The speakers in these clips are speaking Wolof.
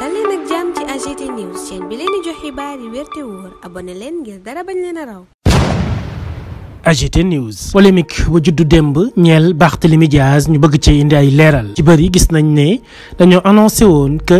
dal leen ak jàmm ci AGT news chaîne bi leen di jox xibaar yi wér te wóor abonné leen ngir dara bañ leen a raw. AGT News bu juddu démb ñeel Barthélémy Diaz ñu bëgg ci indi ay leeral ci bëri gis nañ ne dañoo annoncé woon que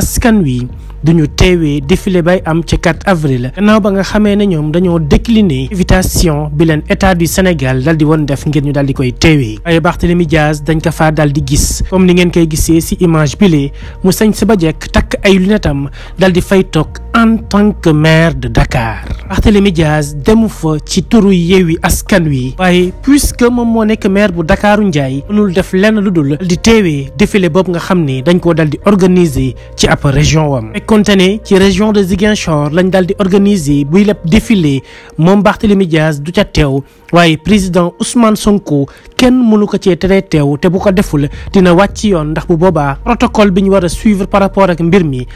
Askan Wi. duñu teewee défilé bay am ci 4 avril gannaaw ba nga xamee ne ñoom dañoo décliné invitation bi leen état du Sénégal dal di woon def ngir ñu daal di koy teewee waaye Barthélémy Dias dañ ko faa dal di gis comme ni ngeen koy gisee si image bi mu sañ si ba jekk takk ay lunetam dal di fay toog en tant que maire de Dakar Barthélémy Dias demu fa ci turu Yewwi Askan Wi waaye puisque moom moo nekk maire bu Dakaru Ndiaye mënul def lenn lu dul di teewee défilé boobu nga xam ni dañ koo dal di organiser ci ab région wam fekkonte ne ci région de Ziguinchor lañ dal di organiser buy lépp défilé moom Barthélémy médiase du ca teew waaye président Ousmane Sonko kenn mënu ko cee tere teew te bu ko deful dina wàcc yoon ndax bu boobaa protocole bi ñu suivre ak mbir mi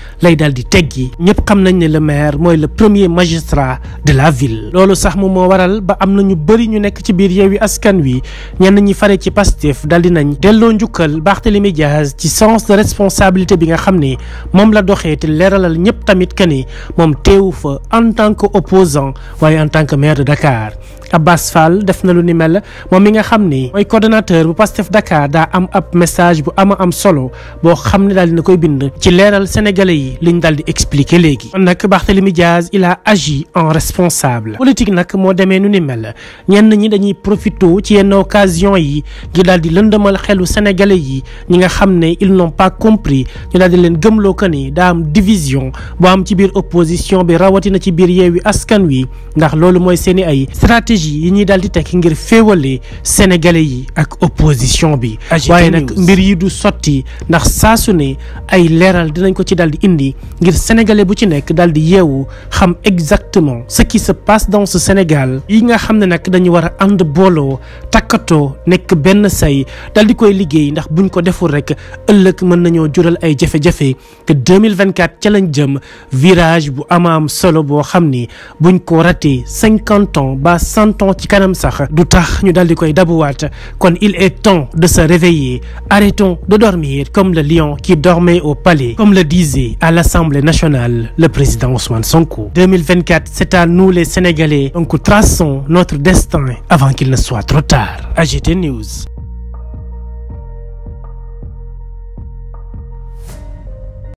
nañ ne le maire mooy le premier magistrat de la ville. loolu sax moom moo waral ba am na ñu bëri ñu nekk ci biir Yewwi Askan Wi ñenn ñi fare ci Pastef dal di nañ delloo njukkal Barthélémy Dias ci sens de responsabilité bi nga xam ne moom la doxee te leeralal ñëpp tamit que ni moom teewu fa en tant que opposant waaye en tant que maire de Dakar. Abbas def na lu ni mel moom mi nga xam ni mooy coordonnateur bu Pastef Dakar daa am ab message bu ama am solo boo xam ne daal dina koy bind ci leeral sénégalais yi liñ daal di expliquer léegi kon nag Barthélemy Diaz il a agi en responsable politique nag moo demee nu ni mel ñenn ñi dañuy profito ci yenn occasion yi ngir daal di lëndëmal xelu sénégalais yi ñi nga xam ne ils n'ont pas compris ñu daal di leen gëmloo que ni daa am division boo am ci biir opposition bi rawatina ci biir yeewi askan wi ndax loolu mooy seeni ay stratégie yi ñuy daal di tekk ngir féewale sénégalais yi ak opposition bi waaye nag mbir yi du sotti ndax saa su ne ay leeral dinañ ko ci daal di indi ngir sénégalais bu ci nekk nekk daal di yeewu xam exactement ce qui se passe dans ce Sénégal yi nga xam ne nag dañu war a booloo takkatoo nekk benn say daal di koy liggéey ndax buñ ko deful rek ëllëg mën nañoo jural ay jafe-jafe te 2024 ca lañ jëm virage bu amaam solo boo xam ni buñ ko raté cinquante ans ba cent ans ci kanam sax du tax ñu dal di koy dabuwaat kon il est temps de se réveiller arrêtons de dormir comme le lion qui dormait au palais comme le disait à l'Assemblée nationale président Ousmane Sonko. 2024, c'est à nous les Sénégalais. Donc traçons notre destin avant qu'il soit trop tard. AGT